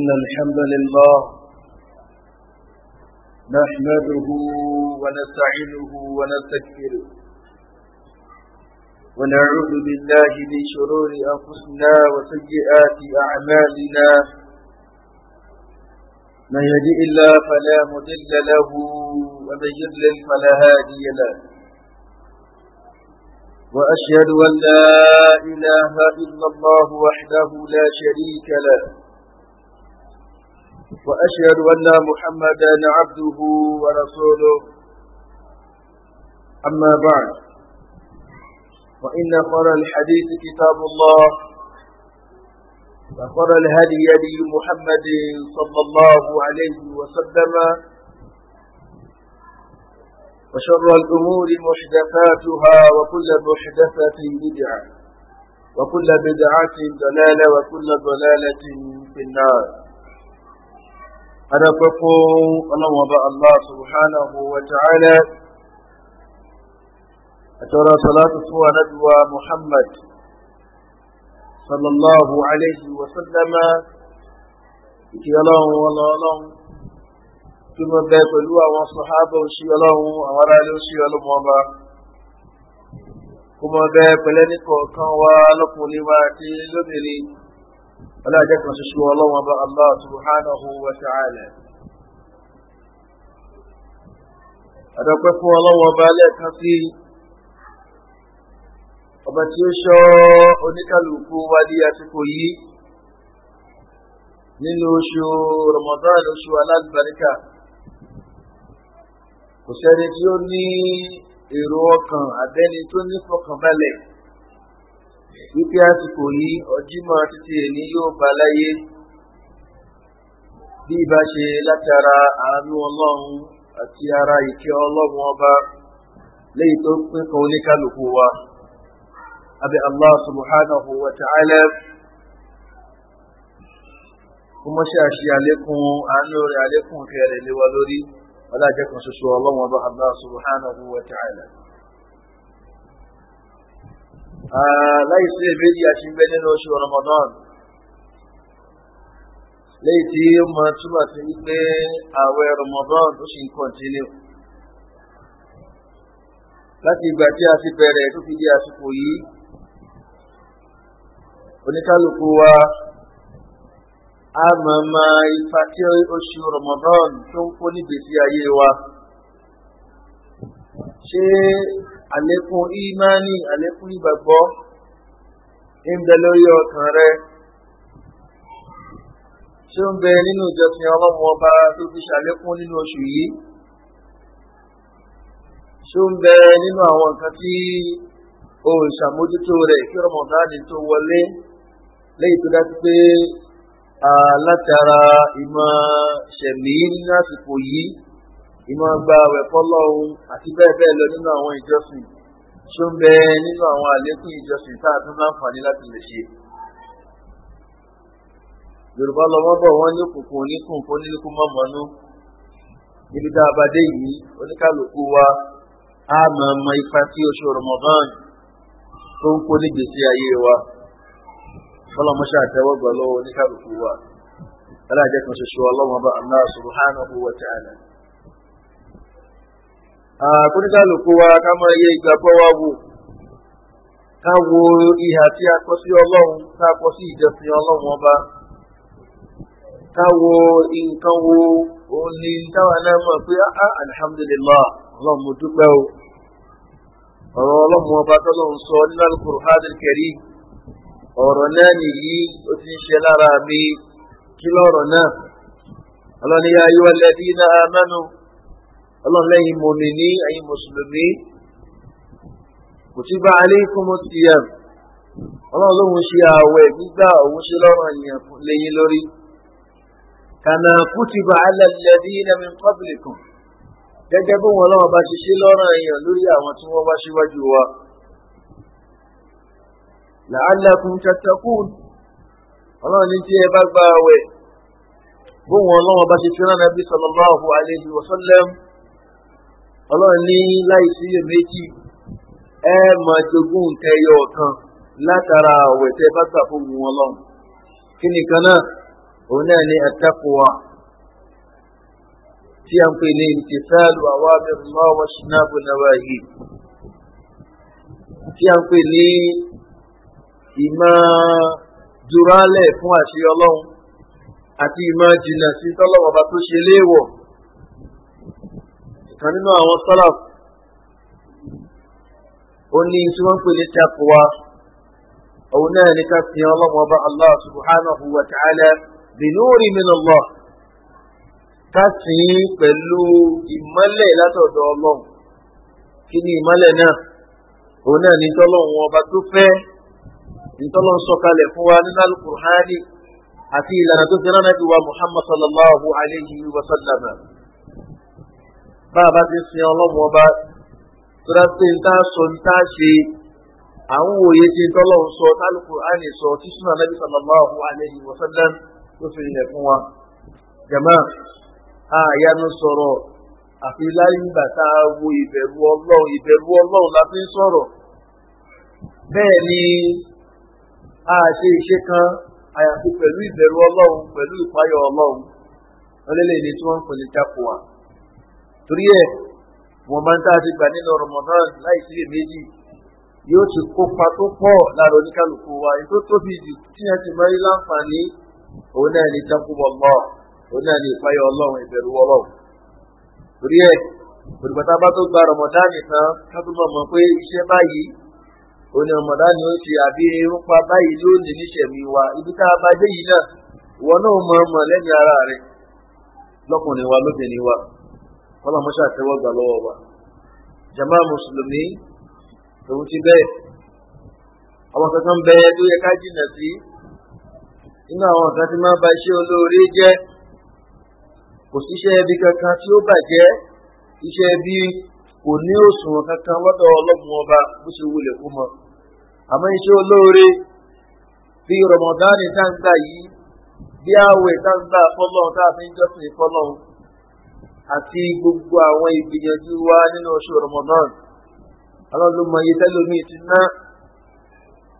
إن الحمد لله نحمده ونستعينه ونستكبره ونعوذ بالله من شرور أنفسنا وسيئات أعمالنا من يهدئ الله فلا مضل له ومن يضلل فلا هادي له وأشهد أن لا إله إلا الله وحده لا شريك له وأشهد أن محمدا عبده ورسوله أما بعد فإن خر الحديث كتاب الله وخر الهدي هدي محمد صلى الله عليه وسلم وشر الأمور محدثاتها وكل محدثة بدعة وكل بدعة ضلالة وكل ضلالة في النار adọ́pẹ́ fún ọlọ́wọ́ba Allah subhanahu wa ta'ala àtọ́rọ salatu fún anábíwa Muhammad sallallahu alaihi wa sallama ìkí ọlọ́run ọlọ́run kí mọ́ bẹ pẹ̀lú àwọn sọ̀hábà òṣì ọlọ́run àwọn ará òṣì ọlọ́mọba kó mọ́ bẹ pẹ̀lẹ́ nìkọ̀ọ̀kan wá lọ́kùnrin wa àti lóbìnrin ọlọ́jẹ́ kan ṣoṣo ọlọ́wọ́n bá allah subhanahu wa ta'ala àdọ́pẹ́ fún ọlọ́wọ́n bá lẹ́ẹ̀kan sí ọba tí ó ṣọ́ oníkàlùkù wádìí àsìkò yìí nínú oṣù ramadan oṣù alágbàríkà kò sẹ́ni tí ó ní èrò ọkàn àbẹ́ni tó ní fọkànbalẹ̀ wípé àsìkò ni ọjímọ̀ títí èní yóò bá láyé bí ìbá ṣe látara àánú ọlọrun àti ara ìkẹ́ ọlọ́run ọba léyìí tó pín kan oníkálukú wa abi allah subhanahu wa ta'ala kó àṣì àlékún àánú rẹ̀ àlékún fẹ́rẹ̀ léwa lórí ọlájẹ́kan ṣoṣo ọba allah subhanahu wa ta'ala Ah, láì sí èméjì àti ń bẹ nínú oṣù Ramadan léyìí tí ó mọ túmọ̀ sí wípé ààwẹ̀ Ramadan ó sì ń kọ̀ntínú láti ìgbà tí a ti bẹ̀rẹ̀ tó fi di àsìkò yìí oníkálukú wa a máa ma ipa tí oṣù Ramadan tó ń kó nígbèsí ayé wa ṣé àlékún ìmánì àlékún ìgbàgbọ́ ń bẹ lórí ọkàn rẹ ṣé ń bẹ nínú ìjọsìn ọlọ́run ọba tó fi ṣàlékún nínú oṣù yìí ṣé ń bẹ nínú àwọn nǹkan tí o ṣàmójútó rẹ kí ọmọdáàdì tó wọlé lẹ́yìn tó dájú pé látara ìmọ̀ ṣẹ̀mí lásìkò yìí ìmọ̀ gba ẹ̀kọ́ lọ́hùn àti bẹ́ẹ̀ bẹ́ẹ̀ lọ nínú àwọn ìjọsìn tó ń bẹ nínú àwọn àlékún ìjọsìn tá a tún láǹfààní láti lè ṣe. yorùbá lọmọ bọ̀ wọ́n ní òkùnkùn oníkùn kó nílùkù mọ́mọ́nú níbi tá a bá dé yìí oníkàlùkù wa á máa mọ ipa tí oṣù rọmọbán tó ń kó nígbèsí ayé wa fọlọmọṣẹ àtẹwọgbà lọ́wọ́ oníkàlùkù wa aláàjẹ kan ṣoṣo ọlọ́mọba Allah subhanahu wa ta'ala kóníkàlùkù wa ká máa yẹ ìgbàgbọ́ wa wò ká wo ìhà tí a kọ sí ọlọ́run ká kọ sí ìjọsìn ọlọ́run ọba ká wo nǹkan wo òun ni táwa náà mọ̀ pé áá alhamdulillah ọlọ́run mo dúpẹ́ o ọ̀rọ̀ ọlọ́run ọba tọ́lọ́run sọ nínú al-Qur'an al-Karim náà nìyí ó ti ń ṣe lára mi kí lọ́rọ̀ náà ọlọ́ni ayé wa lẹ́bí náà amánú ọlọ́lẹ́yìn mọ̀mí ní ẹ̀yin mùsùlùmí kò tí bá alẹ́ kó mọ́ sí ẹ̀ ọlọ́run lóhun ṣe ààwẹ̀ gbígbà òun ṣe lọ́rùn ènìyàn lẹ́yìn lórí kànà kú ti bá alẹ́lẹ́ ní ẹ̀mí pọ́bìlìkùn gẹ́gẹ́ bí wọn lọ́wọ́ bá ṣe ṣe lọ́rùn èèyàn lórí àwọn tí wọ́n bá ṣíwájú wa làálẹ́kùn tẹ̀tẹ̀kùn ọlọ́run ní tí ẹ bá gba ààwẹ̀ bóun ọlọ́wọ́ bá ṣe fi rán ọlọ́run ní láì sí méjì ẹ máa jogún nǹkan ẹyọ ọ̀kan látara ọ̀wẹ̀ tẹ bá ṣàfihàn wọn lọ́run kí nìkan náà òun náà ní àtàkùwà tí a ń pè ní ìtìsáàlù àwọn abẹ́rùmọ́ wọn ṣìnàbù náà yìí tí a ń pè ní ìmọ̀ jurálẹ̀ fún àṣẹ àti ìmọ̀ jìnnà sí tọ́lọ́wọ́ tó ṣe léèwọ̀ kan nínú àwọn salaf ó ní tí wọ́n ń pè ní taqwa òun náà ní ká fi hàn ọlọ́mọ ọba allah subhanahu wa ta'ala binúri min Allah ká sì ń pẹ̀lú ìmọ́lẹ̀ látọ̀dọ̀ ọlọ́run kí ni ìmọ́lẹ̀ náà òun náà ní tọ́lọ́run ọba tó fẹ́ ìtọ́lọ́run sọ̀kalẹ̀ fún wa nínú alukurhani àti ìlànà tó fi rán náà ti wa muhammad sallallahu alayhi wa sallam bá a bá ti sin ọlọ́run ọba tó dá pé nta sọ nta ṣe àwọn òye ti tọ́lọ́run sọ tálùkù àní sọ tí súnà nàbí sallallahu alaihi wasallam tó fi rìnlẹ̀ fún wa. jama àyànú sọ̀rọ̀ àfi láyé ìgbà tá a wo ìbẹ̀rù ọlọ́run ìbẹ̀rù ọlọ́run la fi ń sọ̀rọ̀. bẹ́ẹ̀ ni a ṣe ìṣe kan àyàfi pẹ̀lú ìbẹ̀rù ọlọ́run pẹ̀lú ìpáyọ̀ ọlọ́run ọlẹ́lẹ́ni tí wọ́n ń pè ní jápọ̀ wa. torí ẹ wọn máa ń dá àti gbà nínú Ramadan láì sí èméjì yóò ti kópa tó pọ̀ lára oníkálukú wa ètò tóbi jù tí ẹ ti máa rí láǹfààní òun náà ní tẹkùbọ̀ mọ́ òun náà ní ìpáyọ̀ ọlọ́run ìbẹ̀rù ọlọ́run ẹ olùpàtà bá tó gba Ramadan nìkan ká tó pé iṣẹ́ báyìí òun ni ni ó àbí báyìí ló ní níṣẹ̀mí wa ibi tá a bá dé yìí náà ìwọ náà mọ̀ ara rẹ̀ wa lóbìnrin wa. ọlọ́mọṣẹ́ àtẹwọ́gbà lọ́wọ́ wa jama mùsùlùmí tòun ti bẹ́ẹ̀ àwọn kankan bẹ́ẹ̀ tó yẹ ká jìnà si nínú àwọn kan tí ma ba iṣẹ́ olóore jẹ kò síṣẹ́ ibi kankan tí ó bàjẹ́ iṣẹ́ ibi kò ní òṣùwọ̀n kankan ọba bó ṣe wulẹ̀ àmọ́ iṣẹ́ olóore bí tá ń gbà yìí bí àwẹ̀ àti gbogbo àwọn ìgbìyànjú wa nínú oṣù Ramadan ọlọ́dún mọ̀ye tẹ́lómi ti ná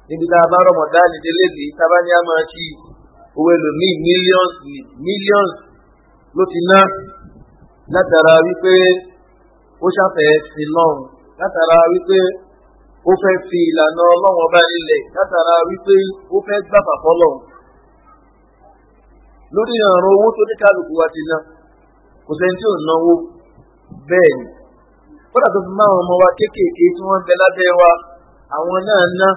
níbi tá a bá Ramadan délé ní a máa ṣí owó ẹlòmíì millions millions ló ti ná látara wípé ó ṣàfẹ́ sí lọ́run látara wípé ó fẹ́ fi ìlànà ọlọ́run ọba nílẹ̀ látara wípé ó fẹ́ gbàgbà fọlọ́run lórí ọ̀ràn owó tó ní kálukú wa ti ná kò sẹ́ni tí ò náwó bẹ́ẹ̀ ni kódà tó fi máa ọmọ wa kéékèèké tí wọ́n ń bẹ lábẹ́ wa àwọn náà ná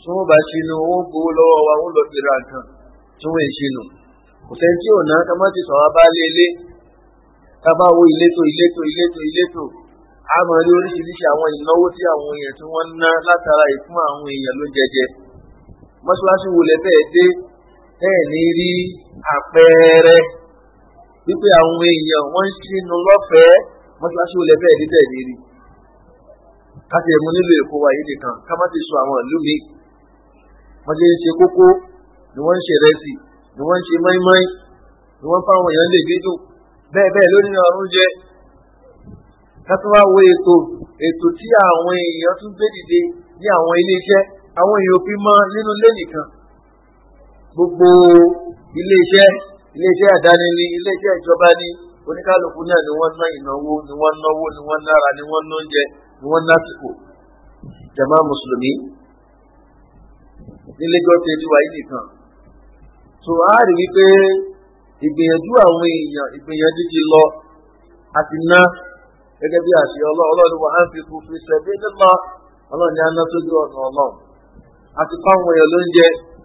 tí wọ́n bá ṣe nu owó gbowó lọ́wọ́ wa wọ́n lọ fi ra nǹkan tí wọ́n ṣe nù kò sẹ́ni tí ò ná ká má ti sọ wá bá lé ilé ká bá wo ìletò ìletò ìletò ìletò a máa rí oríṣiríṣi àwọn ìnáwó tí àwọn èèyàn tí wọ́n ná látara ìfún àwọn èèyàn ló jẹjẹ mọ́ṣáláṣí wo lẹ́fẹ̀ẹ́ dé bẹ́ẹ̀ ní rí àpẹẹrẹ wípé àwọn èèyàn wọ́n ń sínú lọ́fẹ̀ẹ́ mọ́ṣáláṣí olè bẹ́ẹ̀ ní bẹ́ẹ̀ nírí káti ẹ̀mú nílò èkó wa yìí nìkan ká má ti sọ àwọn ìlú mi wọ́n ṣe ń ṣe kókó ni wọ́n ń ṣe rẹ́sì ni wọ́n ń ṣe mọ́ínmọ́ín ni wọ́n fáwọn èèyàn lè gbé dùn bẹ́ẹ̀ bẹ́ẹ̀ lórí náà ń jẹ́ kátó wá wo ètò ètò tí àwọn èèyàn tún gbé dìde ní àwọn iléeṣẹ́ àwọn èèyàn òfin mọ́ nínú ilé nìkan gbogbo iléeṣẹ́ iléeṣẹ́ àdáni ni iléeṣẹ́ ìjọba ni oníkálukú náà ni wọ́n ná ìnáwó ni wọ́n náwó ni wọ́n nára ni wọ́n náúnjẹ ni wọ́n násìkò jama mùsùlùmí nílẹ́jọ́ ti ti wáyé nìkan tó a rí wípé ìgbìyànjú àwọn èèyàn ìgbìyànjú ti lọ àti ná gẹ́gẹ́ bí àṣẹ ọlọ́run á fi kú fi ṣẹ́bí nípa ọlọ́run ni a ọ̀nà ọlọ́run àti èèyàn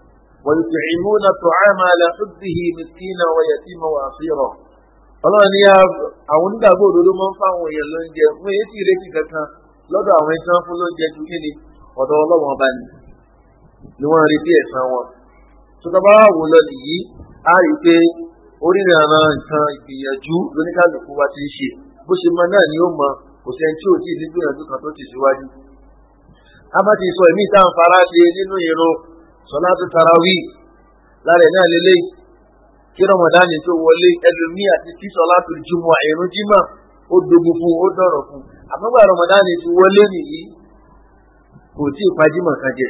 ويطعمون الطعام على حبه مسكينا ويتيما واسيرا ọlọ́run ní àwọn onígbàgbọ́ òdodo máa ń fáwọn èèyàn lóúnjẹ fún èyí tí ìrètí kankan lọ́dọ̀ àwọn ẹni tí wọ́n fún lóúnjẹ ju kí ni ọ̀dọ̀ ọlọ́wọ́n ọba ni ni wọ́n retí ẹ̀san wọn. tọ́tọ́bá wò lọ nìyí á rí i pé oríranà nǹkan ìgbìyànjú lóníkàlùkù wa ti ń ṣe bó ṣe máa náà ni ó mọ kò sẹ́ni tí ò tí ì nígbìyànjú kan tó ti síwájú. a bá ti sọ ìmí ìta sọláàtì tarawí lára ẹ̀ náà lélẹ̀ kí rọmọdánì tó wọlé ẹlòmíì àti kí sọláàtì jùmọ̀ ẹ̀rùn jímà ó dogun fún ó dọ̀rọ̀ fún àmọ́gbà rọmọdánì ti wọlé nìyí kò tí ì fajúmọ̀ kan jẹ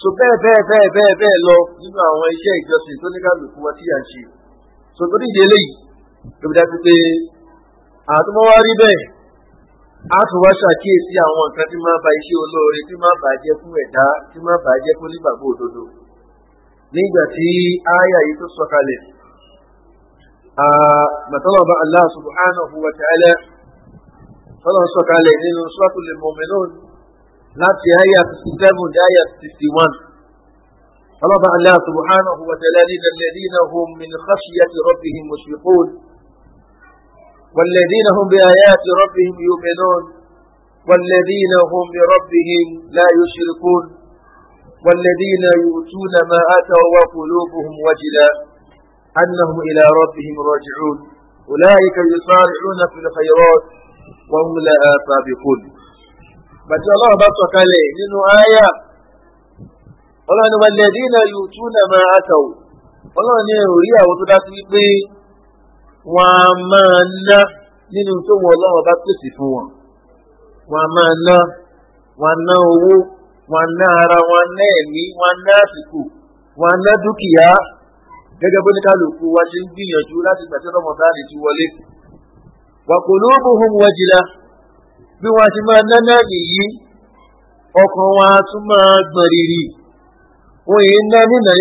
so bẹ́ẹ̀ bẹ́ẹ̀ bẹ́ẹ̀ bẹ́ẹ̀ bẹ́ẹ̀ lọ nínú àwọn iṣẹ́ ìjọsìn tó ní kálukú wa tí à ń ṣe so torí ìdí eléyìí tó fi dájú pé àtúmọ̀ wá rí bẹ́ẹ̀ a tún wá ṣàkíyèsí àwọn nǹkan tí máa ba iṣẹ́ olóore tí máa bàjẹ́ fún ẹ̀dá tí máa bàjẹ́ fún nígbàgbọ́ òdodo nígbà tí ááyà yìí tó sọ̀kalẹ̀ màtọ́lọ́ba Allah subhanahu wa ta'ala tọ́lọ́ sọ̀kalẹ̀ nínú suratul mu'minun láti ááyà 67 dé ááyà 61 tọ́lọ́ba Allah subhanahu wa ta'ala nílẹ̀ lẹ́dínà hum min khashiyati rabbihim والذين هم بآيات ربهم يؤمنون والذين هم بربهم لا يشركون والذين يؤتون ما آتوا وقلوبهم وجلا أنهم إلى ربهم راجعون أولئك يصارعون في الخيرات وهم لها سابقون بس الله بطك عليه لأنه آية والذين يؤتون ما آتوا والله نريد أن wọn a máa ná nínú tó wọn ọlọ́run bá pèsè fún wọn wọn a máa ná wọn ná owó wọn ná ara wọn ná ẹ̀mí wọn ná àsìkò wọn ná dúkìá gẹ́gẹ́ bó ní kálukú wa ṣe ń gbìyànjú láti gbàtẹ́ lọ́mọdáàlì ti wọlé bí wọn ti máa ná náà nìyí ọkàn wọn a tún máa gbọ̀n rírì wọn yìí ná nínà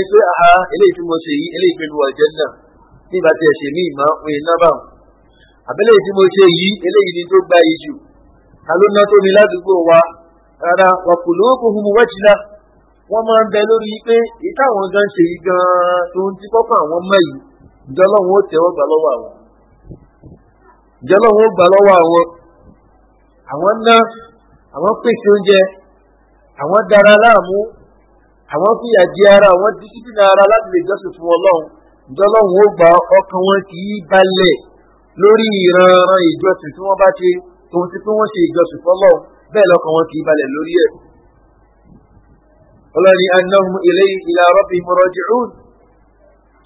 bí ìbá tiẹ̀ ṣe mí ìmọ̀ òun iná bá wọn. àbẹ́lẹ̀ tí mo ṣe yìí eléyìí ni tó gbá yìí jù ta ló ná tó mi ládùúgbò wa rárá wà kò lówó kò fún wọ́n máa ń bẹ lórí pé gan ṣe yìí gan tó ń tí àwọn yìí ọlọ́run ó tẹ́wọ́ gbà lọ́wọ́ àwọn ọlọ́run ó gbà lọ́wọ́ àwọn àwọn ná àwọn pèsè oúnjẹ àwọn dára láàmú àwọn fìyà di ara àwọn ara láti lè jọ́sìn fún ọlọ́run ìjọlọ́run ó gba ọkàn wọn kì í balẹ̀ lórí ìran ìjọsìn tí wọ́n bá ṣe tòun ti pé wọ́n ṣe ìjọsìn fọ́lọ́ bẹ́ẹ̀ lọ́kàn wọn kì í balẹ̀ lórí ẹ̀. ọlọ́ni annahum ilayhi ila rabbihim raji'un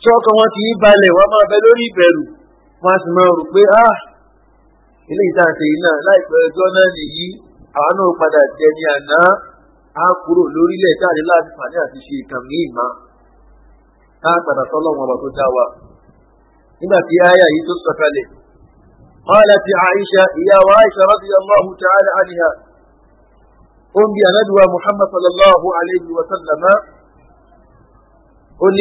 tí ọkàn wọn kì í balẹ̀ wọ́n máa bẹ lórí ìbẹ̀rù wọ́n á sì máa rò pé ah ilé ìdáǹtẹ̀ yìí náà láìpẹ́ ọjọ́ náà nìyí àwọn náà padà jẹ ní àná á kúrò lórílẹ̀ táàdé láti pàdé àti ṣe ìkànnì ìmọ̀ káàkàrà tọ́lọ́wọ́n ọba tó dá wa nígbà tí aya yìí tó sọ̀kalẹ̀ قالت عائشة يا عائشة رضي الله تعالى عنها قم بأندوى محمد صلى الله عليه وسلم قل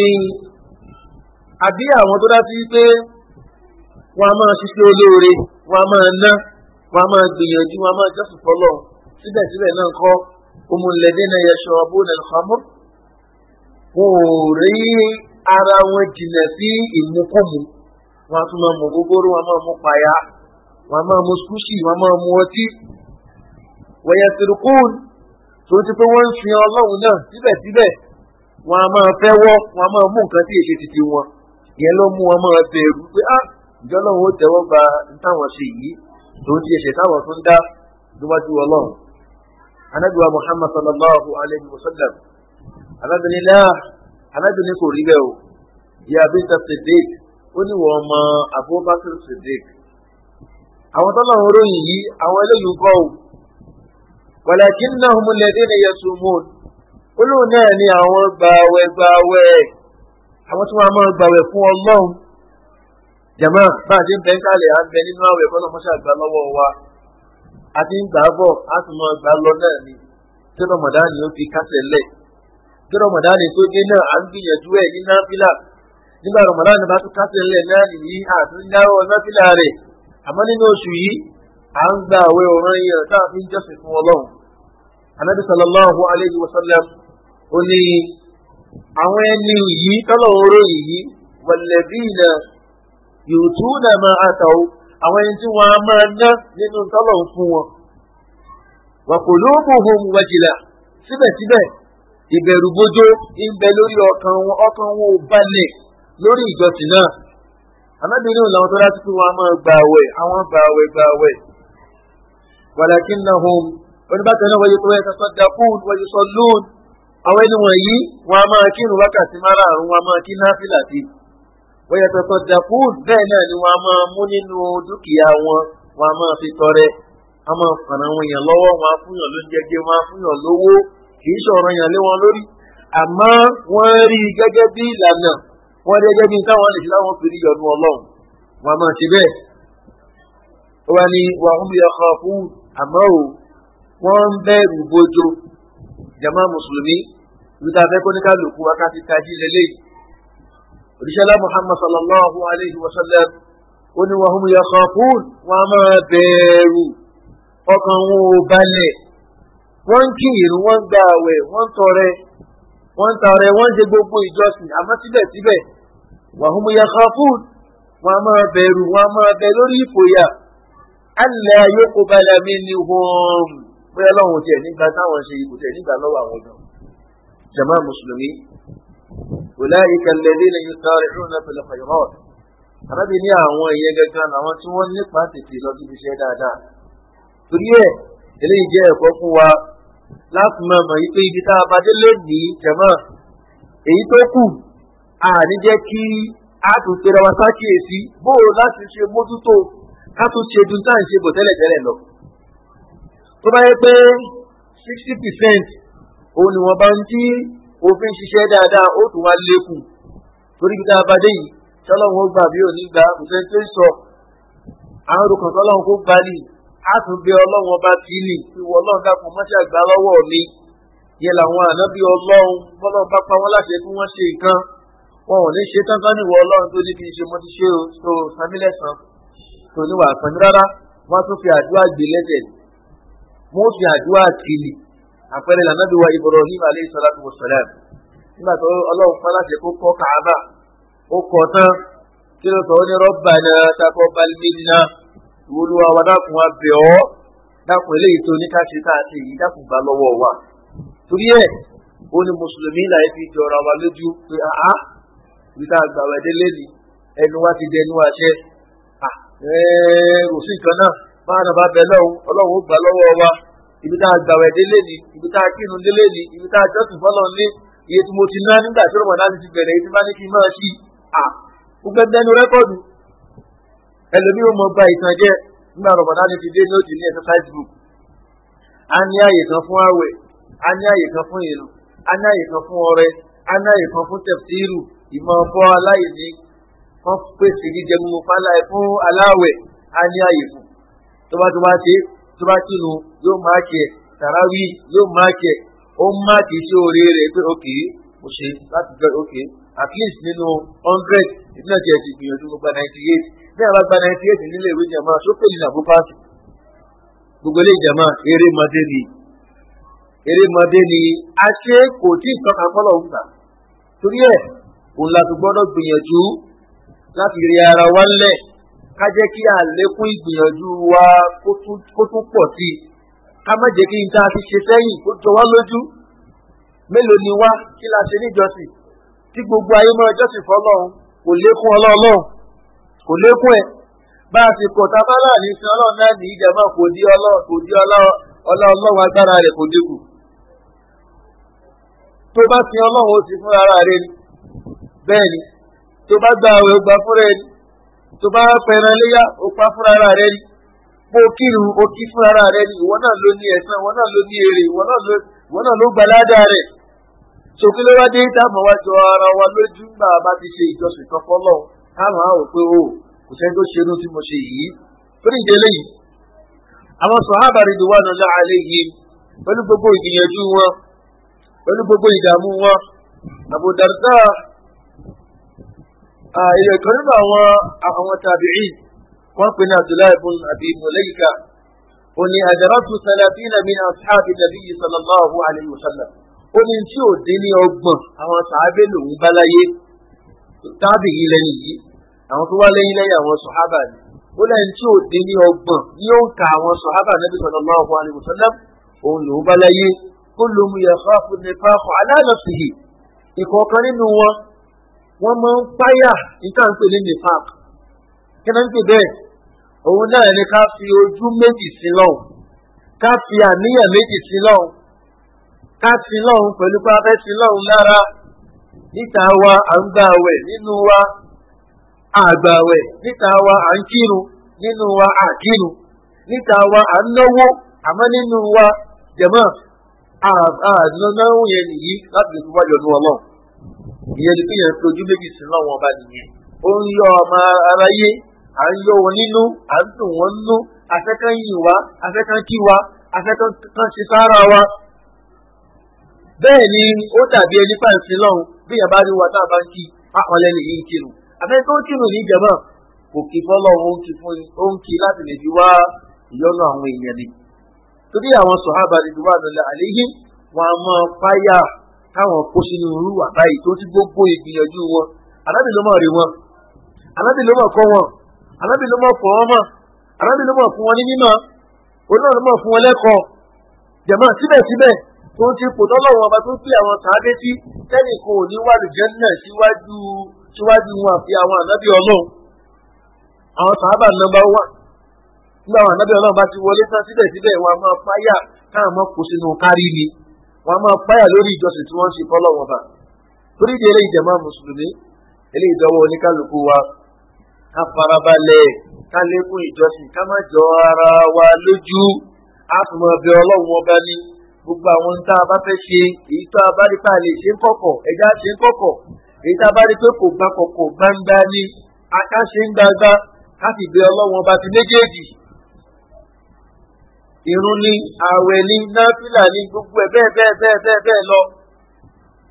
àbí àwọn tó dájú wípé wọn a máa ṣiṣẹ́ olóore wọn a máa ná wọn a máa gbìyànjú wọn a máa jọ́sùn fọlọ́ síbẹ̀síbẹ̀ náà kọ́ omulẹ̀dẹ́nà yẹsọ wọn ò rí ara wọn jìnà sí ìmúkúmu wọn a tún máa mọ gbogbooro wọn a máa mú paya wọn a máa mú skúṣì wọn a máa mú ọtí wọ́n yẹ sirikún tó ti pé wọ́n ń fi ọlọ́run náà síbẹ̀síbẹ̀ wọn a máa fẹ́ wọ́ wọn a máa mú nǹkan tí èṣe títí wọn ìyẹn ló mú wọn máa bẹ̀rù pé ah ìjọ ọlọ́run ó tẹ́wọ́ gba táwọn ṣe yìí tó ti ẹ̀ṣẹ̀ táwọn tó ń dá níwájú ọlọ́run anábìwá muhammad sallallahu alayhi wa sallam alábìnrin anábì ní kò rí bẹ́ẹ̀ o ìyá bíta sidik ó ní wọ́n mọ abubakar sidik àwọn tọ́lọ̀ ń ròyìn yìí àwọn eléyìí kọ́ o wàlàkín náà mú lẹ́dí ni yẹsùmùn olóhùn náà ni àwọn gbàwẹ̀ gbàwẹ̀ àwọn tí wọ́n máa gbàwẹ̀ fún ọlọ́run jama bá a ti ń kálẹ̀ à ń bẹ nínú àwẹ̀ kọ́nà mọ́ṣẹ́ àgbà lọ́wọ́ wa a ti ń gbà bọ̀ a sì máa gbà lọ náà ni tí ọmọdé àná ó fi kásẹ̀ lẹ̀ kí rọmọdán lè tó dé náà à ń gbìyànjú ẹ̀ ní náfìlà nígbà rọmọdán ni bá tún kásẹ̀ ńlẹ̀ náà nìyí àtúndáwọ̀ náfìlà rẹ̀ àmọ́ nínú oṣù yìí à ń gba àwẹ̀ ọ̀ràn yẹn tá a fi ń jọ́sìn fún ọlọ́run anabi sallallahu alayhi wa sallam ó ní àwọn ẹni yìí tọ́lọ̀ oróyìn yìí walladhina yu'tuna ma ataw àwọn ẹni tí wọ́n á máa ná nínú tọ́lọ̀ fún wọn wa qulubuhum wajila síbẹ̀síbẹ̀ ìbẹ̀rù bójó ń bẹ lórí ọkàn wọn ọkàn wọn ò balẹ̀ lórí ìjọsìn náà anábìrin làwọn tó láti fún wọn máa gba àwẹ̀ àwọn gba àwẹ̀ gba àwẹ̀ wàlàkí náà hùn oníbàtà náà wọ́n yóò kọ́ ẹ̀ka sọ́dà fún wọ́n yóò sọ lóun àwọn ẹni wọ̀nyí wọn a máa kírun wákàtí márààrún wọn a máa kí náfìlà sí wọ́n yẹ sọ́sọ́ dàkú bẹ́ẹ̀ náà ni wọ́n a máa mú nínú dúkìá wọn wọ́n a máa fi tọrẹ a máa fàrà wọn yàn lọ́wọ́ wọn a fúnyàn lóúnjẹ jẹ wọn a fúnyàn lówó kì í ṣọ̀rọ̀ yàn lé wọn lórí àmọ́ wọ́n rí i gẹ́gẹ́ bí ìlànà wọ́n rí gẹ́gẹ́ bí táwọn lè ṣe láwọn fi rí yọnu ọlọ́run wọn a máa ṣe bẹ́ẹ̀. ó wá ní wàhùn mi ọkọ̀ fún àmọ́ o wọ́n ń bẹ̀rù bójó jama mùsùlùmí níta fẹ́ kó ní wákàtí tají lélẹ́yìí. òṣìṣẹ́lá muhammad sallallahu alayhi wa sallam ó ní wàhùn mi ọkọ̀ fún wọn máa bẹ̀rù ọkàn wọn ò balẹ̀ wọ́n ń kí ìrun wọ́n ń gba àwẹ̀ wọ́n ń tọrẹ wọ́n ń tọrẹ wọ́n ń ṣe gbogbo ìjọsìn àmọ́ síbẹ̀síbẹ̀ wàhùn yàtọ̀ fún wọn a máa bẹ̀rù wọn a máa bẹ lórí ìfòyà alẹ́ ayókò balẹ̀ mi ni wọ́n bóyá lọ́wọ́ tiẹ̀ nígbà táwọn ṣe ibò tiẹ̀ nígbà lọ́wọ́ àwọn ọ̀dọ́ jama mùsùlùmí ọ̀làyíkà lẹ́lẹ́ ní sáré ìrùnà pẹ̀lú fàyọ̀rọ̀ arábì ní àwọn torí ẹ̀ eléyìí jẹ́ ẹ̀kọ́ fún wa láti mọ̀ mọ̀ yìí ibi tá a bá dé lónìí jẹ̀mọ́ èyí tó kù àní jẹ́ kí a tún tẹ̀ra wa sákìyèsí bóò láti ṣe mójútó ká tún ṣe dun tá à ń ṣe bò tẹ́lẹ̀tẹ́lẹ̀ lọ. tó bá yẹ pé sixty percent òun ni wọ́n bá ń tí òfin ṣiṣẹ́ dáadáa ó tún wá lékù torí ibi tá a bá dé yìí sọlọ́run ó gbà bí ò ní gbà kò sẹ́ni tó ń sọ àwọn olùkọ́ sọlọ́run kó gbalì a tún bẹ ọlọ́run ọba tí ní ìwọ ọlọ́run dákun mọ́ṣẹ́ àgbà lọ́wọ́ mi yẹn làwọn ànábì ọlọ́run bọ́lọ́run bá pa wọ́n láṣẹ kí wọ́n ṣe nǹkan wọn ò ní ṣe tán níwọ̀ ọlọ́run tó ní kí n ṣe mo ti ṣe o tó samílẹ̀sán tó níwà àpẹni rárá wọ́n tún fi àdúrà gbé lẹ́sẹ̀ wọ́n fi àdúrà tìlì àpẹẹrẹ lànàbí wa ibrahim aleyhi salatu wa salam nígbà tó ọlọ́run pa láṣẹ kó kọ́ kàábà ó kọ́ olúwa wa dákun wa bẹ̀ ọ́ dákun eléyìí tó ní tá a ṣe yìí dákun bá lọ́wọ́ wa torí ẹ̀ ó ní mùsùlùmí là fi jọra wa lójú pé àá ibi tá a gbà wẹ̀ délé ni ẹnu wa ti dẹnu àṣẹ kò sí nǹkan náà máa nà bá bẹ lọ́hùn ọlọ́run ó gbà lọ́wọ́ wa ibi tá a gbà wẹ̀ délé ni ibi tá a kírun délé ni ibi tá a jọ́sìn fọ́lọ́ ní iye tí mo ti ná nígbà tí rọ̀mọ̀dá ti bẹ̀rẹ̀ iye tí bá ní kí n máa ṣí à gbogbo ẹgbẹ́ nu rẹ́kọ̀dù ẹlòmíì ó mọ gba ìtàn jẹ nígbà rọ̀bọ̀dá ni ti dé ní òdì ní exercise book a ní àyè kan fún àwẹ̀ a ní àyè kan fún ìlú a ní àyè kan fún ọrẹ a ní àyè kan fún tẹ̀síìrù ìmọ̀ ọ̀bọ aláìní wọ́n pèsè jíjẹ mímu fún aláwẹ̀ a ní àyè fún tó bá tó bá ṣe tó bá tìlù yóò máa kẹ tàràwí yóò máa kẹ ó máa kì í ṣe oore rẹ pé òkè mo ṣe láti jẹ òkè at least nínú hundred ìdílé ti ẹ̀ ti gbìyànjú gbogbo ninety eight ní àbágbá ninety eight nílé ìwé jama sókè ní àbúkásù gbogbo ilé ìjàmá eré mọdé ni eré mọdé ni a ṣe kò tí ì tọ́ka kọ́lọ̀ ń gbà torí ẹ̀ òun la gbìyànjú láti rí ara wa lẹ̀ ká jẹ́ kí wa kó tún pọ̀ sí i ká má jẹ́ kí n ta ti ṣe sẹ́yìn kó jọ wá lójú mélòó ni wá kí la ṣe níjọsìn tí gbogbo ayé mọ́ kò lékún ẹ bá a ti kọ̀ tábàlà ní sin ọlọ́run náà ní ìjàmbá kò dí ọlọ́run agbára rẹ kò dínkù tó bá sin ti fún ara rẹ̀ ni ni tó bá gba àwẹ̀ ó tó bá pẹran ara ni kírun ara ni ìwọ náà ló ní ìwọ náà ló ní èrè ìwọ náà ló ládàá sókè ló ara wa lójú bá ti ṣe ìjọsìn á máa wò pé o oh, kò sẹ́ni tó ṣerú tí mo ṣe yìí torí ìdí eléyìí àwọn sọ̀hábà ridwanullahi alayhim pẹ̀lú gbogbo ìgbìyànjú wọn pẹ̀lú gbogbo ìdààmú wọn Abu Darda ilẹ̀ kan nínú àwọn àwọn tàbíì wọ́n pè ní Abdullahi ibn Abi Mulaika ó ní adaratu salatina min ashabi nabiyyi sallallahu alayhi wa sallam ó ní tí ò dín ní ọgbọ̀n àwọn sàábẹ́ lòún bá láyé tábì yìí lẹ́yìn yìí àwọn tó wá lẹ́yìn lẹ́yìn àwọn sọ̀hábà ni ó lẹ́yìn tí ò dé ní ọgbọ̀n ní ó ń ka àwọn sọ̀hábà nẹ́bí sallallahu alaihi wasallam òun lòún bá láyé kó ló mu yẹ fáfún ní fáfún aláàlọ́sìhì ìkọ̀ọ̀kan nínú wọn wọ́n máa ń páyà níta ń pè ní nifaq kí náà ń pè bẹ́ẹ̀ òun náà ni ká fi ojú méjì sí lọ́hùn ká fi àníyàn méjì sí lọ́hùn ká sí lọ́hùn pẹ̀lú pé sí lọ́hùn lára níta wa à ń gbà wẹ̀ nínú wa àgbà wẹ̀ níta wa à ń kírun nínú wa à kírun níta wa à ń náwó àmọ́ nínú wa jẹ̀mọ́ ànánáwó yẹn nìyí láti lè fi wájọ ní ọlọ́run ìyẹn ni pé yẹn fi ojú méjì sí láwọn ọba nìyẹn ó ń yọ ọmọ aráyé à ń yọ wọn nínú à ń dùn wọn nínú afẹ́kàn yìn wá afẹ́kàn kí wá afẹ́kàn ṣe sára wa bẹ́ẹ̀ ni ó dàbí ẹni pàǹsí lọ́hùn bí yàrá rí wa náà bá ń kí àwọn lẹ́nu ń kírun àfẹ́ tó ń kírun kò kí fún ó kí láti lè fi wá ìyọ́nú àwọn èèyàn ni torí àwọn sọ̀hábà wọn a fáyà káwọn kó sínú irú àbá ti gbogbo ìgbìyànjú wọn alábì ló mọ̀ rí wọn alábì ló mọ̀ kọ́ wọn alábì ló mọ̀ tó ti pò tọ́lọ́wọ́n ọba tó pé àwọn sàádé sí tẹ́nì kan ò ní wà lùjẹ́ náà síwájú síwájú wọn àfi àwọn ànábì ọlọ́run àwọn sàábà nọ́mbà wà nígbà àwọn ànábì ọlọ́run bá ti wọlé tán síbẹ̀síbẹ̀ wọn a máa páyà káwọn máa kó sínú kárí ni wọn a máa páyà lórí ìjọsìn tí wọ́n ń ṣe fọ́lọ́wọ́n ọba torí di eléyìí jẹ̀mọ́ mùsùlùmí eléyìí dọ́wọ́ oníkálukú wa ká farabalẹ̀ ká lékún ìjọsìn ká má jọ ara wa lójú á tún máa bẹ ọlọ́run ọba ní gbogbo àwọn tá a bá fẹ́ ṣe èyí tá a bá rí pa lè ṣe ń kọ̀kọ̀ ẹ̀dá ṣe ń kọ̀kọ̀ èyí tá a bá rí pé kò gba kọ̀kọ̀ gbangba ni aká ṣe ń gbangba ká sì gbé ọlọ́run ọba ti méjèèjì. ìrun ni ààwẹ̀ ni náfìlà ni gbogbo ẹ̀ bẹ́ẹ̀ bẹ́ẹ̀ bẹ́ẹ̀ bẹ́ẹ̀ bẹ́ẹ̀ lọ.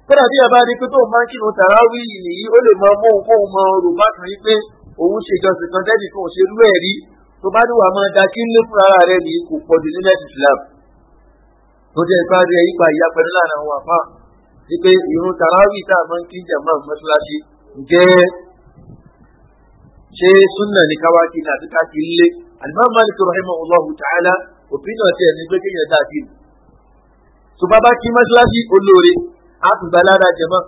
kódà bí ọba rí pé tóun máa ń kírun tàràwí nìyí ó lè mọ mọ́ òun mọ rò bá kan pé òun ṣe ìjọsìn tó bá ní wàá máa da kí ń lé fúnra rẹ̀ nìyí kò pọ̀ jù nílẹ̀ ìsìlámù tó jẹ́ ipá rí ẹyípa ìyapẹ́ nílànà àwọn àfá sí pé ìrun tàràwì táà máa ń kí jàmá mọ́ṣáláṣí ǹjẹ́ ṣé súnà ní káwákí ní àti káàkiri ilé àdìmọ́ malik rahimahullahu ta'ala òfin náà tiẹ̀ ní pé kéèyàn dáa kiri tó bá bá kí mọ́ṣáláṣí olóore á tún gba lára jàmá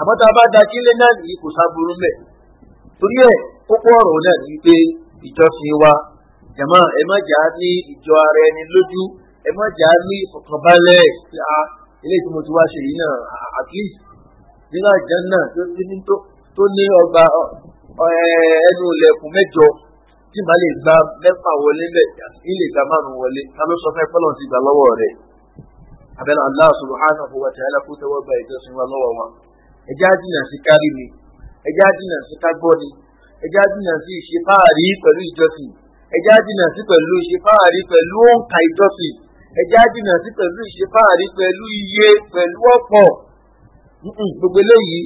àmọ́ tá a bá da kí náà nìyí kò sáburú mẹ́ torí ẹ̀ kókó ẹ má jà á ní ìfọ̀kànbalẹ̀ pé a ilé tí mo ti wá ṣe yìí náà at least nínú àjẹ́ náà tó ní ọgbà ẹnu ilẹ̀kùn mẹ́jọ tí màá lè gba mẹ́fà wọlé mẹ́ta ilé gba márùn-ún wọlé ká ló sọ fún ẹ pọ́lọ́ ti gbà lọ́wọ́ rẹ̀ abẹ́lẹ́ Allah subhanahu wa ta'ala kó tẹ́wọ́ gba ìjọsìn wa lọ́wọ́ wa ẹjẹ́ àdínà sí kárí mi ẹjẹ́ àdínà sí kágbọ́ni ẹjẹ́ àdínà sí ìṣe fáàrí pẹ̀lú ìjọsìn ẹjẹ́ àdínà sí pẹ̀lú ìṣe fáàrí pẹ̀lú òǹkà ìjọsìn ẹja jìnnà sí pẹ̀lú ìṣefáàrí pẹ̀lú iye pẹ̀lú ọ̀pọ̀ gbogbo eléyìí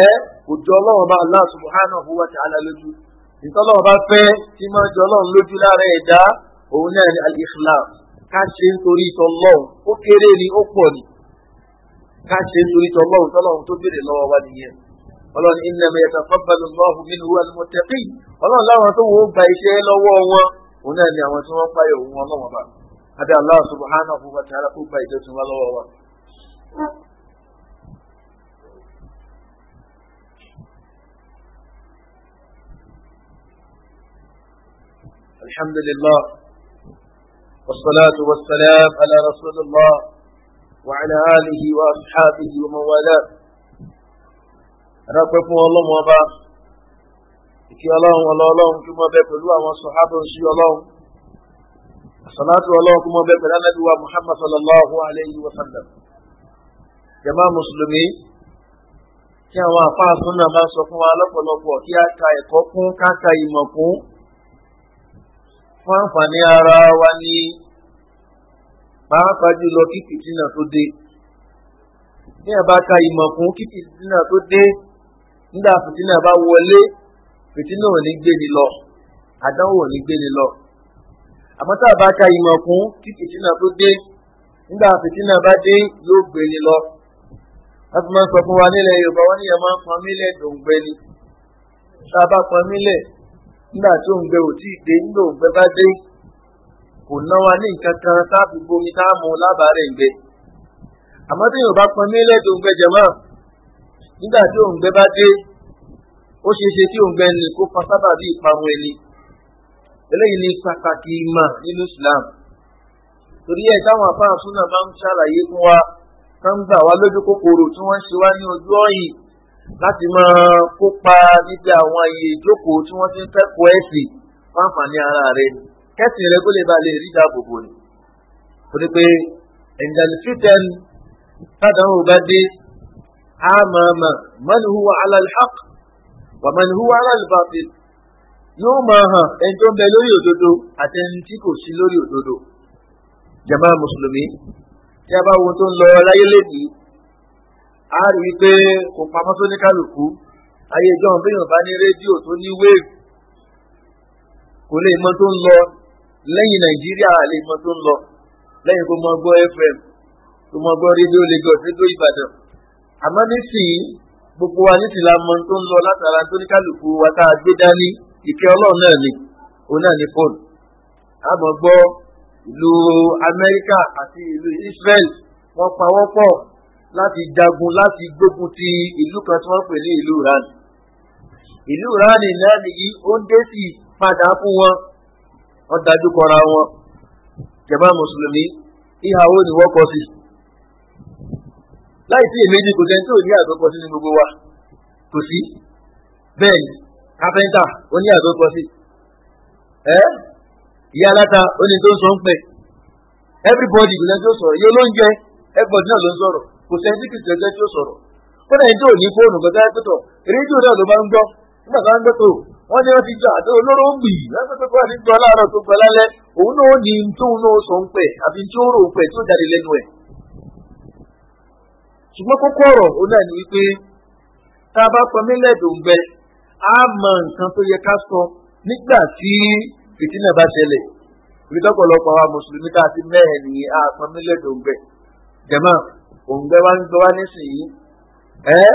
ẹ kò jọ ọlọ́run bá Allah subhanahu wa ta'ala lójú ìtọ́lọ́run bá fẹ́ tí máa jọ ọlọ́run lójú lára ẹ̀dá òun náà ni al-ikhlas ká ṣe nítorí ìtọ́lọ́run ó kéré ni ó pọ̀ ni ká ṣe nítorí ìtọ́lọ́run tọ́lọ́run tó béèrè lọ́wọ́ wa nìyẹn ọlọ́run innama yataqabbalu Allahu minhu al-muttaqin ọlọ́run láwọn tó wọ́n gba iṣẹ́ lọ́wọ́ wọn òun náà ni àwọn tí wọ́n páyọ̀ òun ọlọ́wọ́n bá àbí الله سبحانه وتعالى ta'ala kó gba ìjọsìn الحمد لله والصلاة والسلام على رسول الله وعلى آله وأصحابه ومن والاه ربكم الله وبا إكي الله والله الله كما بيقولوا وصحابه إن شاء الله salatu ọlọ́run kúmọ́ bẹ́ẹ̀ pẹ̀lú anabi wa muhammad sallallahu alayhi wa sallam jama musulumi tí àwọn àfáà súnà máa sọ fún wa lọ́pọ̀lọpọ̀ kí a ka ẹ̀kọ́ kún ká ka ìmọ̀ kún fún àǹfààní ara wa ní pàápàá jùlọ kí kìtìnà tó dé ní àbá ka ìmọ̀ kún kí kìtìnà tó dé nígbà fìtìnà bá wọlé fìtìnà ò ní gbé ni lọ àdánwò ò ní gbé ni lọ àmọ́ tá a bá ka ìmọ̀ kún tí fìtínà tó dé nígbà fìtínà bá dé yóò gbé ni lọ a fi máa ń sọ fún wa nílẹ̀ Yorùbá wọn níyẹn máa ń pọn mílẹ̀ tó ń gbé ni tá a bá pọn mílẹ̀ nígbà tó ń gbé ò tí ì dé nígbà òǹgbẹ bá dé kò ná wa ní nǹkan kan tá a tá a mu lábàárẹ̀ ń àmọ́ tí Yorùbá pọn mílẹ̀ tó ń gbé jẹ̀ nígbà tí òǹgbẹ bá dé ó ṣeé ṣe tí òǹgbẹ ni kó fa sábàbí ìparun ẹni eléyìí ni pàtàkì ìmọ̀ nínú islam torí ẹ̀ táwọn afáà súnà máa ń ṣàlàyé fún wa tó ń gbà wá lójú kòkòrò tí wọ́n ń ṣe wá ní ojú ọ̀yìn láti máa kópa níbi àwọn àyè ìjókòó tí wọ́n ti ń kẹ́kọ̀ọ́ ẹ̀sìn fún àǹfààní ara rẹ̀ kẹ́sìn rẹ̀ kó lè ba lè rí ìdáàbòbò ni torí pé ẹ̀ǹdàlì fìtẹ́n tádàmù bá dé àmàmà man huwa ala al-haq yóò máa hàn ẹni tó ń bẹ lórí òdodo àti ẹni tí kò sí lórí òdodo jàmá mùsùlùmí tí a bá wo tó ń lọ láyé lẹ́dí a rí i pé kò pamọ́ tó ní kálukú ayé ìjọba bíyàn bá ní rédíò tó ní wéèvù kò lè mọ tó ń lọ lẹ́yìn nàìjíríà lè mọ tó ń lọ lẹ́yìn kó mọ gbọ́ fm kó mọ gbọ́ rédíò lagos rédíò ìbàdàn àmọ́ nísìnyí gbogbo wa nísìnyí la mọ tó ń lọ látara tó ní kálukú wa tá a gbé dání ìkẹ́ ọlọ́run náà ni òun náà ni fóònù àmọ́ gbọ́ ìlú amẹ́ríkà àti ìlú israel wọ́n pawọ́pọ̀ láti jagun láti gbógun ti ìlú kan tí wọ́n pè ní ìlú iran ìlú iran náà nìyí ó ń dé sí padà fún wọn wọ́n dájú kọra wọn jẹ̀bá mùsùlùmí ìhàwó ni wọ́n kọ sí láì sí èmi ni kò sẹ́ni tó ní àgbẹ̀kọ sí ní gbogbo wa kò sí bẹ́ẹ̀ ni. kápẹ́ńtà oníyà tó kọ sí ẹ́ ìyá aláta oní tó ń sọ ń pẹ́ everybody kò lẹ́ni tó sọ̀rọ̀ yóò ló ń jẹ everybody náà ló ń sọ̀rọ̀ kò sẹ́ni tí kì í sẹ́ni tí ó sọ̀rọ̀ kódà fóònù a mọ nǹkan tó yẹ ká sọ nígbà tí fìtínà bá ṣẹlẹ̀ ibi tọ́pọ̀lọpọ̀ àwọn mùsùlùmí tá a ti mẹ́ẹ̀ ní àtàn nílẹ̀ dòǹgbẹ jẹ̀mọ́ òǹgbẹ wa ń gbẹ wá nísìnyí ẹ́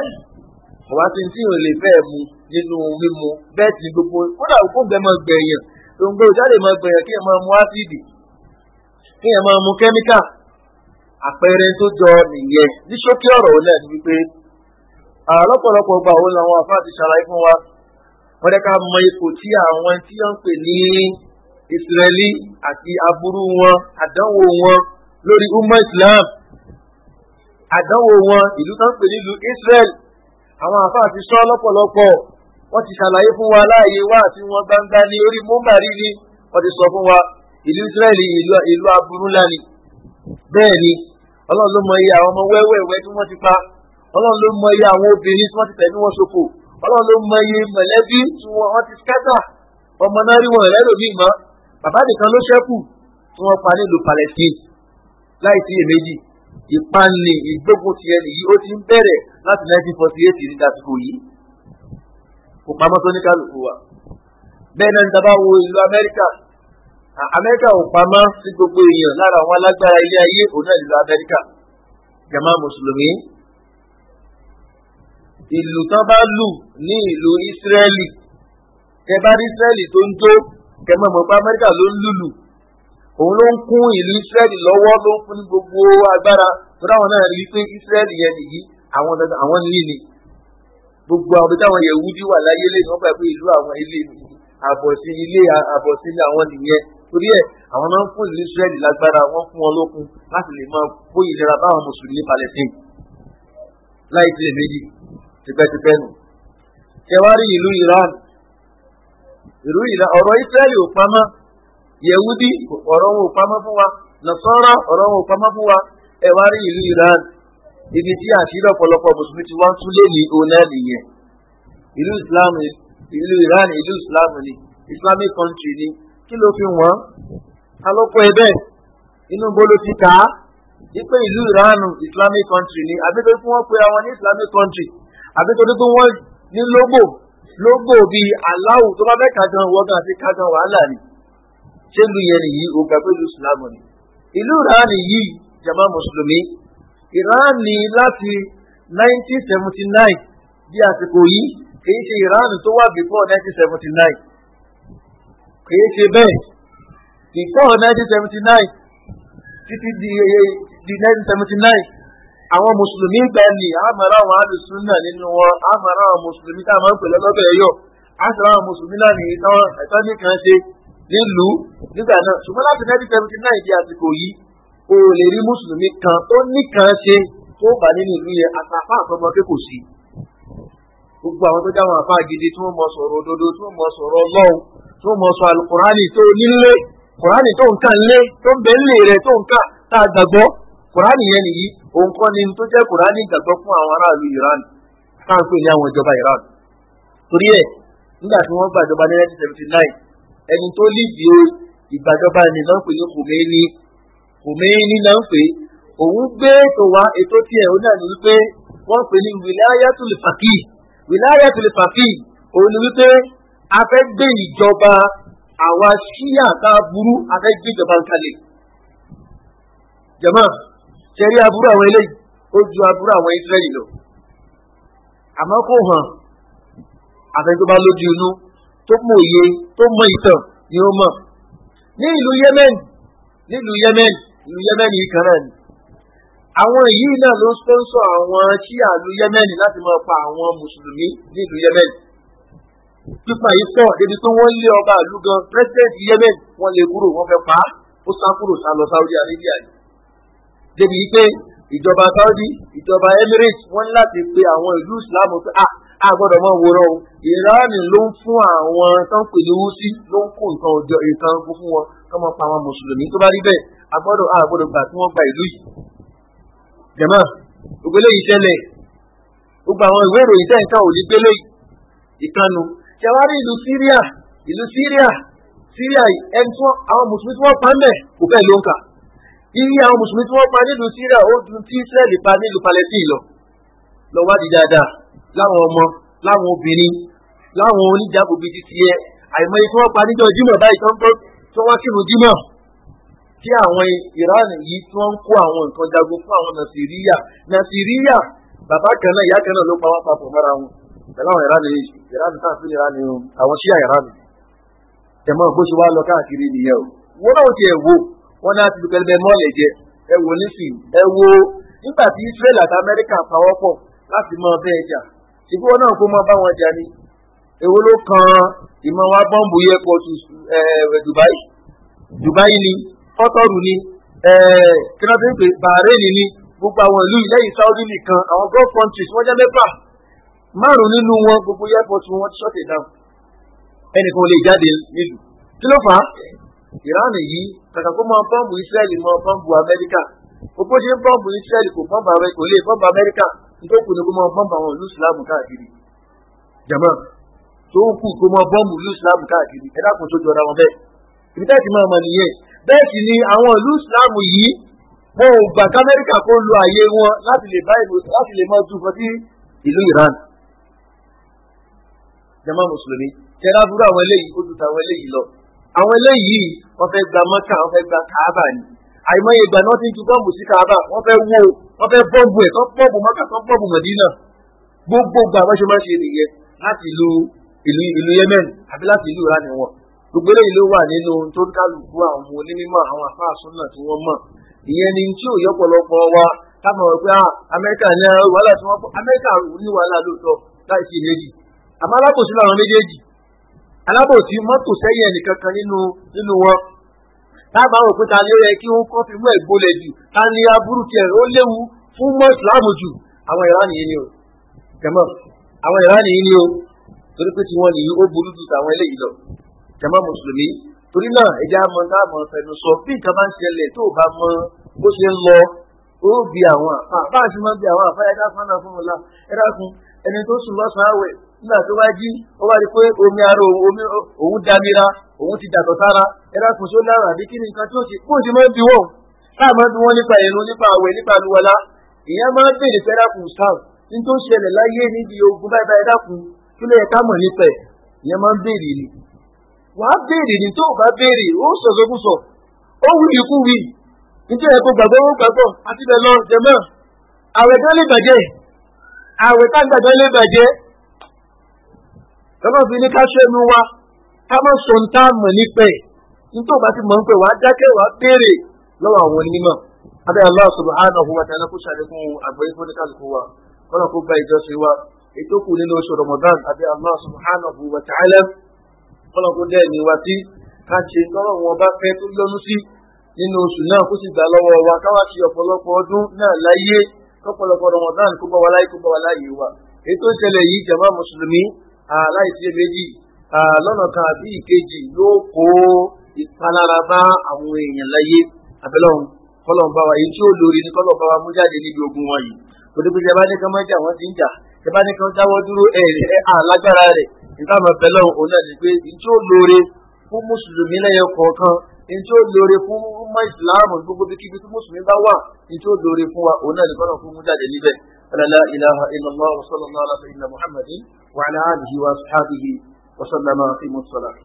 ọ̀wá tí tí ò lè fẹ́ mu nínú mímu bẹ́ẹ̀ tí gbogbo kódà òkú gbẹ mọ gbẹ̀yàn òǹgbẹ òjáde mọ gbẹ̀yàn kí ẹ máa mu ásíìdì kí ẹ máa mu kẹ́míkà àpẹẹrẹ tó jọ nìyẹn ní ṣókí ọ̀rọ̀ náà ni wípé àlọ́pọ̀lọpọ̀ gbà òun làwọn àfáà ti ṣàlàyé fún wa wọ́n dẹ́ ká mọ ipò tí àwọn tí wọ́n ń pè ní Israeli àti aburú wọn àdánwò wọn lórí umma Islam àdánwò wọn ìlú tó ń pè nílùú Israel àwọn àfáà ti sọ lọ́pọ̀lọpọ̀ wọ́n ti ṣàlàyé fún wa láàyè wá àti wọn gbangba ní orí múmbàrí ni wọ́n ti sọ fún wa ìlú Israel ìlú ìlú aburú ńlá ni bẹ́ẹ̀ ni Ọlọ́run ló mọ iye àwọn ọmọ wẹ́wẹ́wẹ́ tí wọ́n ti pa Ọlọ́run ló mọ iye àwọn obìnrin tí wọ́n ti tẹ̀mí ọlọ́run ló mọ iye mọ̀lẹ́bí tí wọ́n ti skẹ́tà ọmọ náà rí wọn ẹlẹ́lòmíì mọ́ bàbá nìkan ló ṣẹ́kù tí wọ́n pa nílùú Palestine láì sí iyèméjì ìpanni ìgbógun tiẹ̀ nìyí ó ti ń bẹ̀rẹ̀ láti 1948 ní dàsìkò yìí kò pamọ́ tó ní kálukú wa bẹ́ẹ̀ náà ní dábàá wo ìlú Amẹ́ríkà Amẹ́ríkà ò pamọ́ sí gbogbo èèyàn lára àwọn alágbára ilé ayé òun náà ìlú Amẹ́ríkà jama mùsùlùmí ìlù tán bá lù ní ìlú Ísírẹ́lì kẹ bá rí Ísírẹ́lì tó ń jó kẹ mọ̀ mọ̀ pé Amẹ́ríkà ló ń lùlù òun ló ń kún ìlú Ísírẹ́lì lọ́wọ́ ló ń fún ní gbogbo agbára tó dáwọn náà rí pé Ísírẹ́lì yẹn nìyí àwọn dandan àwọn nílì ni gbogbo àwọn táwọn Yẹhudi wà láyé lé wọn gbà pé ìlú àwọn ilé àbọ̀sí ilé àbọ̀sí ilé àwọn nìyẹn torí ẹ àwọn náà ń fún ìlú Ísírẹ́lì lágbára wọn fún wọn lókun láti lè máa kó ìlera báwọn mùsùlùmí Palestine láì tilẹ̀ méjì tipẹ́tipẹ́ nù kẹwàárí ìlú Iran ìlú Iran ọ̀rọ̀ Israẹli ò pamọ́ Yẹ̀wúdí ọ̀rọ̀ wọn ò pamọ́ fún wa Nasara ọ̀rọ̀ wọn ò pamọ́ fún wa ẹwàárí ìlú Iran ibi tí àṣírí ọ̀pọ̀lọpọ̀ mùsùlùmí ti wá ń túlé ní ọ̀nà nìyẹn ìlú Islam ìlú Iran ìlú Islam ni Islamic country ni kí ló fi wọ́n alọ́pọ̀ ẹ̀bẹ̀ inú gbolo ti ta á wípé ìlú Iran Islamic country ni àbí pé kí wọ́n pe àwọn ní Islamic country àbí torí pé wọ́n ní lógò lógò bíi aláwù tó bá fẹ́ kágan wọ́gán àti kágan wàhálà ni ṣé lu yẹn nìyí ògbà pẹ̀lú ìsìlámù ni ìlú ìran nìyí jama mùsùlùmí ìran ní láti 1979 bí àsìkò yìí kìí ṣe ìran tó wà before 1979 kìí ṣe bẹ́ẹ̀ before 1979 títí di 1979 àwọn mùsùlùmí gbẹ ni àmàrà àwọn alùsùnà nínú wọn àmàrà àwọn mùsùlùmí tá a máa ń pè lọ́lọ́bẹ̀ yọ àṣàrà àwọn mùsùlùmí náà nìyí táwọn ẹ̀tọ́ nìkan ṣe nílùú nígbà náà ṣùgbọ́n láti nineteen seventy nine di àsìkò yìí o lè rí mùsùlùmí kan tó nìkan ṣe tó bà nínú ìlú yẹn àtàfà àtọmọdé kò sí. gbogbo àwọn tó jáwọn àfa gidi tí wọ́n mọ sọ̀rọ̀ òdodo tí wọ́n mọ sọ̀rọ̀ Ọlọ́run tí wọ́n mọ sọ alukurani tó nílé kurani tó nǹkan lé tó ń bẹ nílé rẹ tó nǹkan tá a gbàgbọ́ kurani yẹn nìyí òun kọ́ ni tó jẹ́ kùránì ìgbàgbọ́ fún àwọn aráàlú Iran táwọn pè ní àwọn ìjọba Iran torí ẹ̀ nígbà tí wọ́n gbàjọba ní 1979 ẹni tó lìdí ìgbàjọba ẹni náà pè ní Khomeini Khomeini náà pè òun gbé ètò wa ètò tiẹ̀ ó náà ní wípé wọ́n pè ní wìláyàtúlì fàkì wìláyàtúlì fàkì òun ni wípé a fẹ́ gbé ìjọba àwa ṣíyà tá a burú a fẹ́ gbé ìjọba ń kalẹ̀ jẹ̀mọ́ ṣẹ̀rí aburú àwọn eléyìí ó ju aburú àwọn Ísírẹ́lì lọ àmọ́ kò hàn àfẹn tó bá lójú inú tó mọ òye tó mọ ìtàn ni ó mọ̀ ní ìlú Yemen nílùú Yemen ìlú Yemen yìí kan náà ni àwọn yìí náà ló sponsor àwọn ṣíà ìlú Yemen láti máa pa àwọn mùsùlùmí nílùú Yemen pípa yìí pọ̀ débi pé wọ́n lé ọba ìlú gan president Yemen wọ́n lè kúrò wọ́n fẹ́ pa ó sá kúrò sá lọ Saudi Arabia yìí débi pé ìjọba Saudi ìjọba Emirates wọ́n láti pe àwọn ìlú Islam pé ah, a a gbọ́dọ̀ mọ̀ wòran o Iran ló ń fún àwọn tán pè ní wúsí ló ń kó nǹkan ọjọ́ nǹkan ogun fún wọn kán mọ̀ pa àwọn mùsùlùmí tó bá rí bẹ́ẹ̀ a gbọ́dọ̀ a gbọ́dọ̀ gbà tí wọ́n gba ìlú yìí. jẹ̀mọ́ gbogbo eléyìí ṣẹlẹ̀ gbogbo àwọn ìwé ìròyìn tẹ̀ ń kàn ò ní gbélé ìkànnù ṣẹwárí ìlú Syria ìlú Syria Syria ẹni tí àwọn mùsùlùmí tí wọ́n pa ń bẹ̀ kò fẹ́ ló ń kà iye àwọn mùsùlùmí tí wọ́n pa nílùú síríà ó dun tí israẹli pa nílùú palestine lọ lọ wádìí dáadáa láwọn ọmọ láwọn obìnrin láwọn oníjàmbò bíi ti tiẹ̀ àìmọye tí wọ́n pa níjọ́ jímọ̀ báyìí tí wọ́n wá kírun jímọ̀ tí àwọn iran yìí tí wọ́n ń kó àwọn nǹkan jagun fún àwọn nàìjíríà nàìjíríà bàbá kan náà ìyá kan náà ló pa wọn papọ̀ mọ́ra wọn pẹ̀lú àwọn iran yìí iran náà tún iran ni àwọn ṣíà iran ẹ̀mọ́ bó ṣe wá lọ káàkiri nìyẹn o wọ́n náà ti ẹ̀ wo wọ́n náà ti lu kẹlẹbẹ mọ́ọ̀lẹ̀ jẹ ẹ wo nísìnyí ẹ wo nígbà tí Israel àti Amẹ́ríkà pawọ́pọ̀ láti mọ ọbẹ̀ ẹja ṣùgbọ́n wọn náà kó mọ bá wọn jà ni èwo ló kan ìmọ̀ wa bọ́ǹbù yẹ pọ̀ tù Dubai Dubai ni fọ́tọ̀rù ni kíndọ́tìpé Bahrain ni gbogbo àwọn ìlú ìlẹ́yìn Saudi nìkan àwọn gulf countries wọ́n jẹ́ mẹ́fà márùn nínú wọn gbogbo airport wọn ti ṣọ́ọ̀tì dáhùn ẹnìkan ò lè jáde nílùú kí ló fà á Iran yìí kàkà kó máa bọ́ǹbù Israẹli máa bọ́ǹbù Amẹ́ríkà gbogbo ṣe ń bọ́ǹbù Israẹli kò bọ́ǹbù àwẹ kò lè bọ́ǹbù Amẹ́ríkà nítorí kò máa bọ́ǹbù àwọn ìlú Ìsìlámù káàkiri jama tó ń kù kó máa bọ́ǹbù ìlú Ìsìlámù káàkiri ẹ dákun tó jọra wọn bẹ́ẹ̀ ibi tẹ́ẹ̀tì máa mọ̀ nìyẹn bẹ́ẹ̀ sì ni àwọn ìlú Ìsìlámù yìí wọn ò gbà k'Amẹ́ríkà kó lo àyè wọn láti lè bá ìlú láti lè máa dùn sí ìlú Iran jama mùsùlùmí tẹ́lá burú àwọn eléyìí ó dùn táwọn eléyìí lọ àwọn eléyìí wọ́n fẹ́ gba mọ́kà wọ́n fẹ́ gba kàábà ni àìmọye ìgbà náà ti ń ju bọ́ọ̀bù sí kàábà wọ́n fẹ́ wó wọ́n fẹ́ bọ́ọ̀bù ẹ̀ tó bọ́ọ̀bù mọ́kà tó bọ́ọ̀bù mọ̀dínà gbogbo gba àwọn ṣe máa ń ṣe nìyẹn láti ìlú ìlú ìlú yemen àbí láti ìlú ìran wọn gbogbo eléyìí ló wà nínú tó ń kálukú àwọn onímọ̀ àwọn afáàsùn náà tí wọ́n mọ̀ ìyẹn ni tí ò yọpọlọpọ̀ wa káàmọ̀ wípé ah, amẹ́ríkà ní wàhálà tí wọ́n pọ̀ amẹ́ríkà ní wàhálà lóòótọ́ láì sí ìlérí àmọ́ alákòóso làwọn méjèèjì alábòsí mọ́tò sẹ́yìn ẹnìkankan nínú nínú wọn táàbà àwọn òpin ta ni ó yẹ kí wọn kọ́ fi mú ẹ̀gbọ́lẹ̀ jù ta ni aburú tiẹ̀ ó léwu fún mọ́ ìsìláàmù jù àwọn ìran nìyí ni o jẹmọ́ àwọn ìran nìyí ni o torí pé tiwọn nìyí ó burú ju tàwọn eléyìí lọ jẹmọ́ mùsùlùmí torí náà ẹ̀jẹ̀ àmọ́ táàmù fẹnu sọ bí nǹkan bá ń ṣẹlẹ̀ tó bá mọ bó ṣe ń lọ ó bí àwọn àfa bá a ṣe máa bí àwọn àfa ẹ̀dá fún ẹni tó sùn lọ́sàn-án àwẹ̀ nígbà tó bá jí ó bá rí pé omi ara omi òun damira òun ti dàtọ̀ sára ẹ̀rọ àkùnso lára àbí kí ni nǹkan tí ó ti kó ti máa ń bi wọ́n láà máa ń bi wọ́n nípa ìrun nípa àwẹ̀ nípa àlùwàlá ìyá máa ń bèèrè fẹ́ dákun sáà ní tó ṣẹlẹ̀ láyé níbi ogun báyìí báyìí dákun kí ló yẹ ká mọ̀ nípa ẹ̀ ìyá máa ń bèèrè ni wà á béèrè ní tó bá béèrè ó sọ̀sọ̀kúsọ̀ ó wù ní kú wì níjẹ́ ẹ̀kọ́ gbàgbọ́ ó gbàgbọ́ àti bẹ́ẹ̀ lọ jẹ̀mọ́ àwẹ̀ tán lè bàjẹ́ àwẹ̀ tán gbàgbọ́ lè bàjẹ́ lọ́nà fi ní ká ṣẹ́nu wa ká má sọ ní tá a mọ̀ nípẹ́ nítorí bá ti mọ̀ ń pẹ́ wàá dákẹ́ wàá béèrè lọ́wọ́ àwọn onímọ̀ abẹ́ Allah subhanahu wa ta'ala kó ṣàlékún àgbáyé fún oníkàlùkù wa kọ́nà kó gba ìjọsìn wa ètò kù nínú oṣù Ramadan abẹ́ Allah subhanahu wa ta'ala kọ́nà kó dẹ́ ẹ̀mí wa tí ká ṣe lọ́rọ̀ wọn bá fẹ́ tó lọ́nu sí nínú oṣù náà kó sì gbà lọ́wọ́ wa káwá ṣe ọ̀pọ̀lọpọ̀ ọdún náà láyé lọ́pọ̀lọpọ̀ Ramadan kó bá wa láyé kó bá wa láyé wa ètò ìṣẹ̀lẹ̀ yìí jàmá mùsùlùmí aláìsí méjì lọ́nà kan àbí ìkejì yóò kó ìpalára bá àwọn èèyàn láyé abẹ́lọ́run kọ́lọ̀ bá wa yìí tí ó lórí ní kọ́lọ̀ bá wa mú jáde níbi ogun wọn yìí kò dé pé ṣe bá ní kan máa jà wọ́n ti ń jà ṣe bá ní kan dáwọ́ dúró ẹ̀rẹ̀ ẹ̀ alágbára rẹ̀ nígbà máa bẹ̀ lọ́run òun náà ni pé ní tí ó lóore fún mùsùlùmí lẹ́yọ kọ̀ọ̀kan ní tí ó lóore fún mọ́ ìsìláàmù gbogbo bí kíbi tí mùsùlùmí bá wà ní tí ó lóore fún wa òun náà ni kọ́lọ̀ fún mú jáde níbẹ̀ على لا إله إلا الله وصلى الله على سيدنا محمد وعلى آله وأصحابه وسلم أقيموا الصلاة